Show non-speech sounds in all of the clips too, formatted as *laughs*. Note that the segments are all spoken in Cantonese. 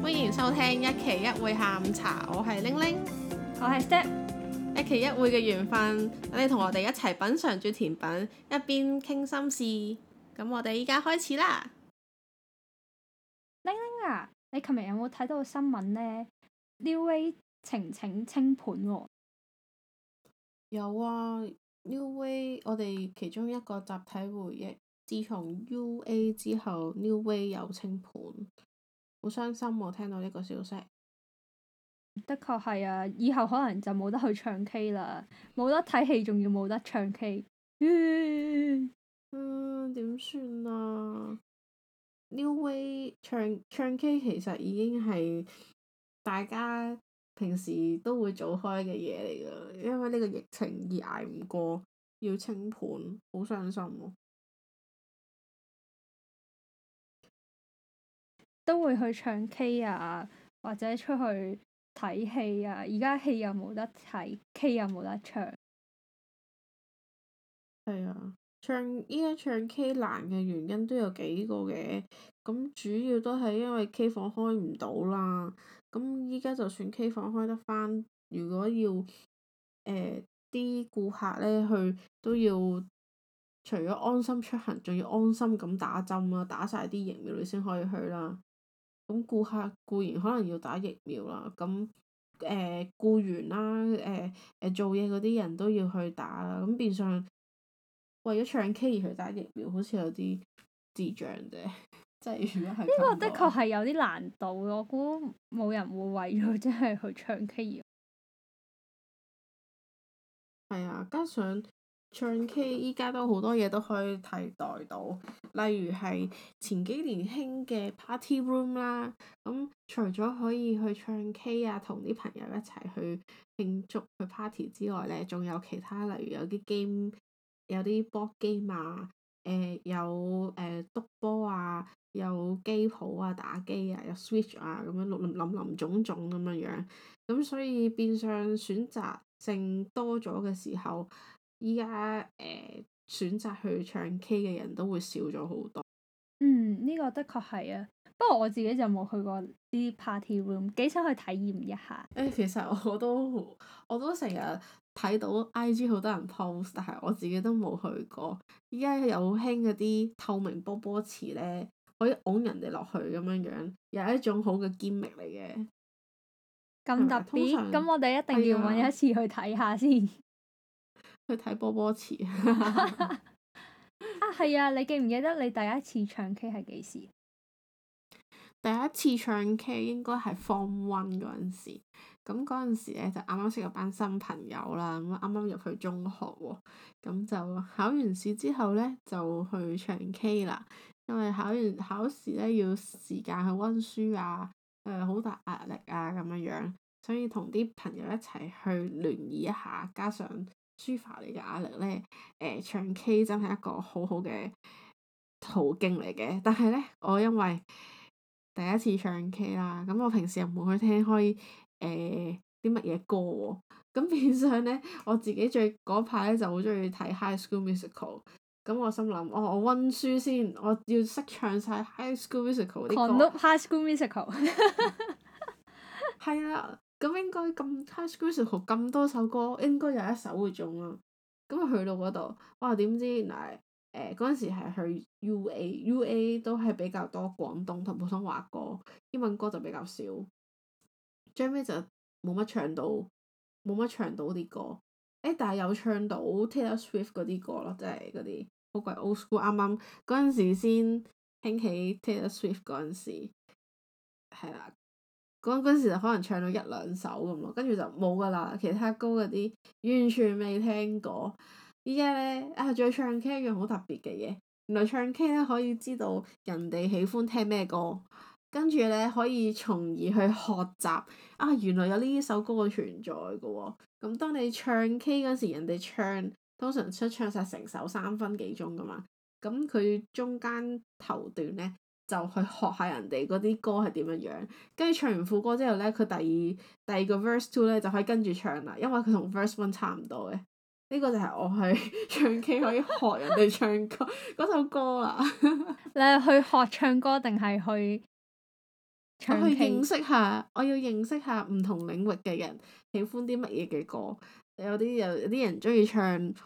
歡迎收聽一期一會下午茶，我係玲玲，我係 Step。一期一會嘅緣分，等你同我哋一齊品嘗住甜品，一邊傾心事。咁我哋依家開始啦。玲玲啊，你琴日有冇睇到個新聞呢？Neway 呈請清盤喎、哦。有啊，Neway，我哋其中一個集體回憶。自從 UA 之後，Neway 又清盤，好傷心啊！聽到呢個消息，的確係啊，以後可能就冇得去唱 K 啦，冇得睇戲，仲要冇得唱 K。 *laughs* 嗯，點算啊？Neway 唱唱 K 其實已經係大家。平時都會做開嘅嘢嚟噶，因為呢個疫情而捱唔過，要清盤，好傷心喎、啊。都會去唱 K 啊，或者出去睇戲啊。而家戲又冇得睇，K 又冇得唱。係啊，唱，而家唱 K 難嘅原因都有幾個嘅。咁主要都係因為 K 房開唔到啦，咁依家，就算 K 房開得翻，如果要誒啲顧客咧去都要除咗安心出行，仲要安心咁打針啦，打晒啲疫苗你先可以去啦。咁顧客固然可能要打疫苗啦，咁誒、呃、僱員啦，誒、呃、誒、呃、做嘢嗰啲人都要去打啦，咁變相為咗唱 K 而去打疫苗，好似有啲智障啫～呢個的確係有啲難度咯，我估冇人會為咗真係去唱 K 而。係啊，加上唱 K 依家都好多嘢都可以替代到，例如係前幾年興嘅 party room 啦。咁除咗可以去唱 K 啊，同啲朋友一齊去慶祝去 party 之外咧，仲有其他例如有啲 game，有啲 board game 啊。誒、呃、有誒篤波啊，有機鋪啊，打機啊，有 Switch 啊，咁樣林林林林種種咁樣樣，咁所以變相選擇性多咗嘅時候，依家誒選擇去唱 K 嘅人都會少咗好多。嗯、呢、這個的確係啊，不過我自己就冇去過啲 party room，幾想去體驗一下。誒、哎，其實我都我都成日。睇到 I G 好多人 post，但係我自己都冇去過。依家有興嗰啲透明波波池咧，可以㧬人哋落去咁樣樣，又係一種好嘅 gimmick 嚟嘅。咁特別，咁我哋一定要揾一次、哎、呀去睇下先。去睇波波池。 *laughs* *laughs* 啊，係啊！你記唔記得你第一次唱 K 係幾時？第一次唱 K 應該係 Form One 嗰陣時。咁嗰陣時咧就啱啱識咗班新朋友啦，咁啱啱入去中學喎，咁就考完試之後咧就去唱 K 啦，因為考完考試咧要時間去温書啊，誒、呃、好大壓力啊咁樣樣，所以同啲朋友一齊去聯誼一下，加上抒發嚟嘅壓力咧，誒、呃、唱 K 真係一個好好嘅途徑嚟嘅。但係咧我因為第一次唱 K 啦，咁我平時又唔會去聽開誒，啲乜嘢歌喎？咁變相呢，我自己最嗰排呢就好中意睇《High School Musical》。咁我心諗，哦，我我溫書先，我要識唱晒《High School Musical，這個》啲歌。《High School Musical *laughs* *laughs* *laughs* 》係啦，咁應該咁《High School Musical》咁多首歌，應該有一首會中啦，啊。咁去到嗰度，哇！點知嗱？誒、呃，嗰陣時係去 U A，U A 都係比較多廣東同普通話歌，英文歌就比較少。最尾就冇乜唱到，冇乜唱到啲歌，誒、欸，但係有唱到 Taylor Swift 嗰啲歌咯，即係嗰啲好鬼 old school，啱啱嗰陣時先興起 Taylor Swift 嗰陣時，係啦，嗰嗰陣時就可能唱到一兩首咁咯，跟住就冇㗎啦，其他歌嗰啲完全未聽過。依家呢啊，仲有唱 K 一樣好特別嘅嘢，原來唱 K 呢，可以知道人哋喜歡聽咩歌。跟住呢，可以從而去學習啊！原來有呢首歌嘅存在嘅喎、哦。咁、嗯、當你唱 K 嗰時，人哋唱，通常出唱晒成首三分幾鐘㗎嘛。咁、嗯、佢中間頭段呢，就去學下人哋嗰啲歌係點樣樣。跟住唱完副歌之後呢，佢第二第二個 verse two 呢，就可以跟住唱啦，因為佢同 verse one 差唔多嘅。呢、這個就係我去唱 K，可以學人哋唱歌嗰 *laughs* 首歌啦。 *laughs* 你係去學唱歌定係去？我去認識下，我要認識下唔同領域嘅人，喜歡啲乜嘢嘅歌。有啲有啲人中意唱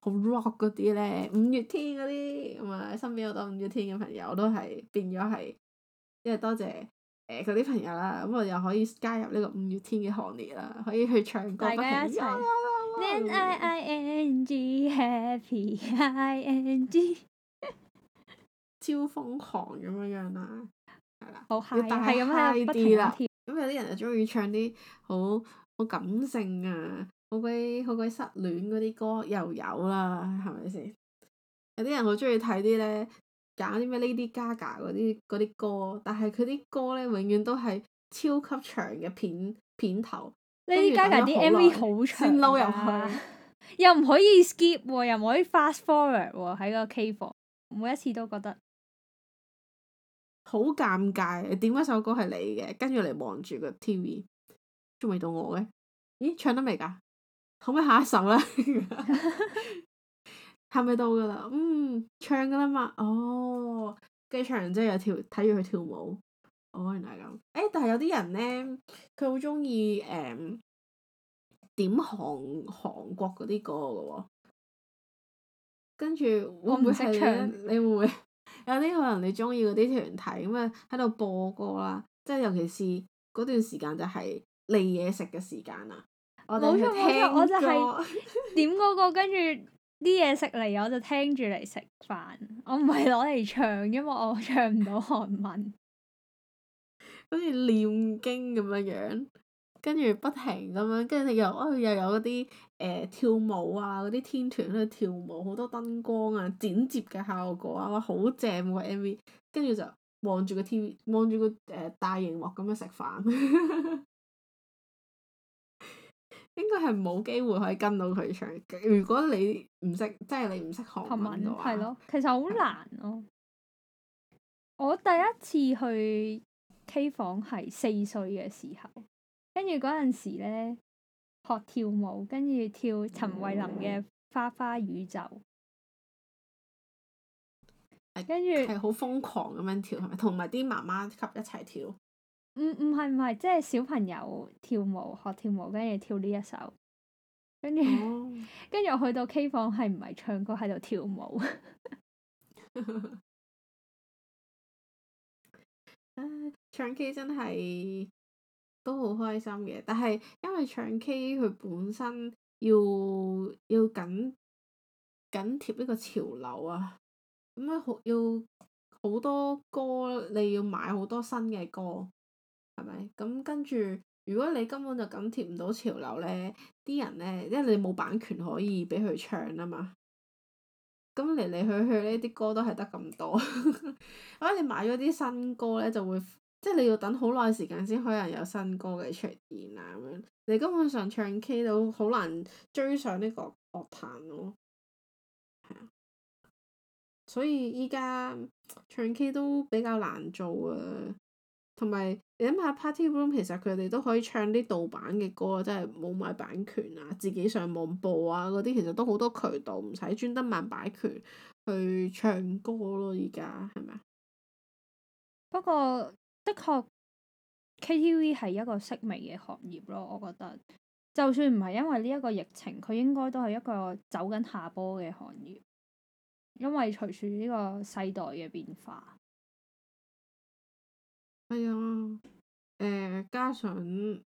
好 rock 嗰啲咧，五月天嗰啲，咁啊身邊好多五月天嘅朋友都係變咗係，因為多謝誒嗰啲朋友啦，咁我又可以加入呢個五月天嘅行列啦，可以去唱歌。大家一齊、啊。戀愛 ING Happy ING 超瘋狂咁樣樣啦～好嗨呀、啊！嗨不停咁跳，咁有啲人就中意唱啲好好感性啊，好鬼好鬼失戀嗰啲歌又有啦，係咪先？有啲人好中意睇啲咧，揀啲咩 Lady Gaga 嗰啲嗰啲歌，但係佢啲歌咧永遠都係超級長嘅片片頭。Lady Gaga 啲 MV 好長，先 L 撈入去，加加啊、 *laughs* 又唔可以 skip 喎、啊，又唔可以 fast forward 喎、啊，喺個 K 房，每一次都覺得。好尷尬，點一首歌係你嘅，跟住嚟望住個 T.V.，仲未到我嘅，咦唱得未㗎？可唔可以下一首啦，係 *laughs* 咪 *laughs* 到㗎啦？嗯，唱㗎啦嘛。哦，繼續然之後又跳，睇住佢跳舞。哦，原來係咁。誒、欸，但係有啲人呢，佢好中意誒點韓韓國嗰啲歌㗎喎、哦，跟住會唔會識唱，你會唔會？ *laughs* 有啲可能你中意嗰啲團體咁啊，喺度播歌啦，即係尤其是嗰段時間就係嚟嘢食嘅時間啦。冇錯冇錯我就係點嗰個,個，跟住啲嘢食嚟，我就聽住嚟食飯。我唔係攞嚟唱，因為我唱唔到韓文，好似念經咁樣樣，跟住不停咁樣，跟住你又啊、哎、又有嗰啲。誒、呃，跳舞啊，嗰啲天團喺度跳舞，好多燈光啊，剪接嘅效果啊，哇、啊，好正喎個 M V，跟住就望住個 TV，望住個誒大螢幕咁樣食飯， *laughs* 應該係冇機會可以跟到佢唱。如果你唔識，即係你唔識韓文嘅話，係咯，其實好難咯，啊。 *laughs* 我第一次去 K 房係四歲嘅時候，跟住嗰陣時咧。學跳舞，跟住跳陳慧琳嘅《花花宇宙》，跟住係好瘋狂咁樣跳，係咪？同埋啲媽媽級一齊跳？唔唔係唔係，即係、就是、小朋友跳舞，學跳舞，跟住跳呢一首，跟住跟住我去到 K 房係唔係唱歌喺度跳舞？ *laughs* *laughs* 唱 K 真係～都好開心嘅，但係因為唱 K 佢本身要要緊緊貼呢個潮流啊，咁樣好要好多歌你要買好多新嘅歌，係咪？咁跟住如果你根本就緊貼唔到潮流呢啲人呢，因為你冇版權可以俾佢唱啊嘛，咁嚟嚟去去呢啲歌都係得咁多，咁 *laughs* 如果你買咗啲新歌呢就會。即係你要等好耐時間先可能有新歌嘅出現啊咁樣，你根本上唱 K 都好難追上呢個樂壇咯，係啊，所以依家唱 K 都比較難做啊，同埋你諗下 Party Room 其實佢哋都可以唱啲盜版嘅歌，即係冇買版權啊，自己上網播啊嗰啲，其實都好多渠道唔使專登買版權去唱歌咯，依家係咪啊？不過。的確 KTV 係一個式微嘅行業咯，我覺得就算唔係因為呢一個疫情，佢應該都係一個走緊下坡嘅行業，因為隨住呢個世代嘅變化。係啊、哎，誒、呃，加上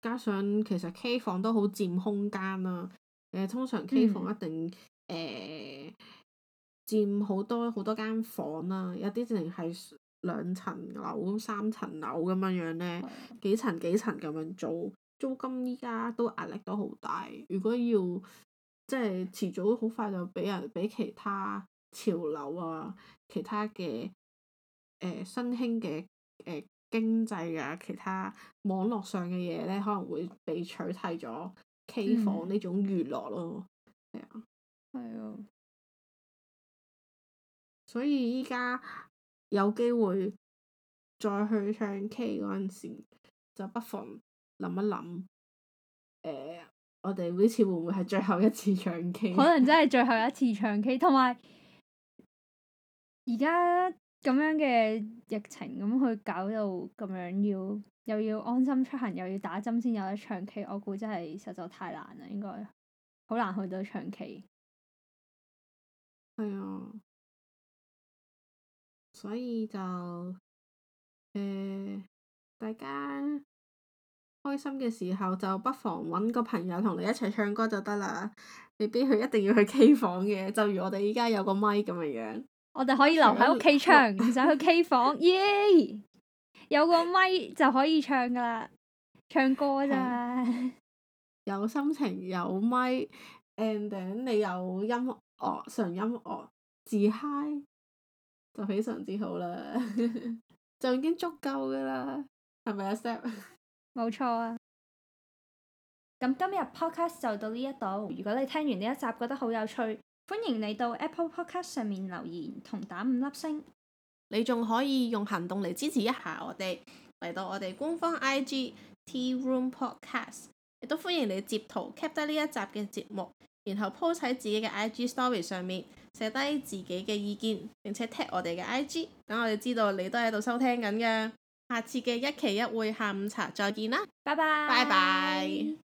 加上其實 K 房都好佔空間啦、啊，誒、呃，通常 K 房一定誒佔好多好多間房啦、啊，有啲淨係。兩層樓、三層樓咁樣樣咧，幾層幾層咁樣做，租金依家都壓力都好大。如果要，即係遲早好快就俾人俾其他潮流啊、其他嘅誒新興嘅誒、呃、經濟啊、其他網絡上嘅嘢咧，可能會被取替咗 K 房呢種娛樂咯。係啊，係啊，所以依家。有機會再去唱 K 嗰陣時，就不妨諗一諗，呃，我哋呢次會唔會係最後一次唱 K？可能真係最後一次唱 K，同埋而家咁樣嘅疫情，咁去搞到咁樣要，要又要安心出行，又要打針先有得唱 K。我估真係實在太難啦，應該好難去到唱 K。係啊。所以就誒、呃，大家開心嘅時候就不妨揾個朋友同你一齊唱歌就得啦，未必去一定要去 K 房嘅。就如我哋依家有個咪咁嘅樣，我哋可以留喺屋企唱，唔使了去 K 房。耶！ *laughs* yeah! 有個咪就可以唱噶啦， *laughs* 唱歌咋？有心情，有咪，and 你有音樂，純音樂自嗨。就非常之好啦， *laughs* 就已經足夠噶啦。係咪啊 Step？冇錯啊。咁今日 podcast 就到呢一度。如果你聽完呢一集覺得好有趣，歡迎你到 Apple Podcast 上面留言同打五粒星。你仲可以用行動嚟支持一下我哋，嚟到我哋官方 IG Tea Room Podcast。亦都歡迎你截圖，keep 得呢一集嘅節目，然後 po 喺自己嘅 I G story 上面，寫低自己嘅意見，並且 tag 我哋嘅 I G，等我哋知道你都喺度收聽緊嘅。下次嘅一期一會下午茶，再見啦，拜拜，拜拜。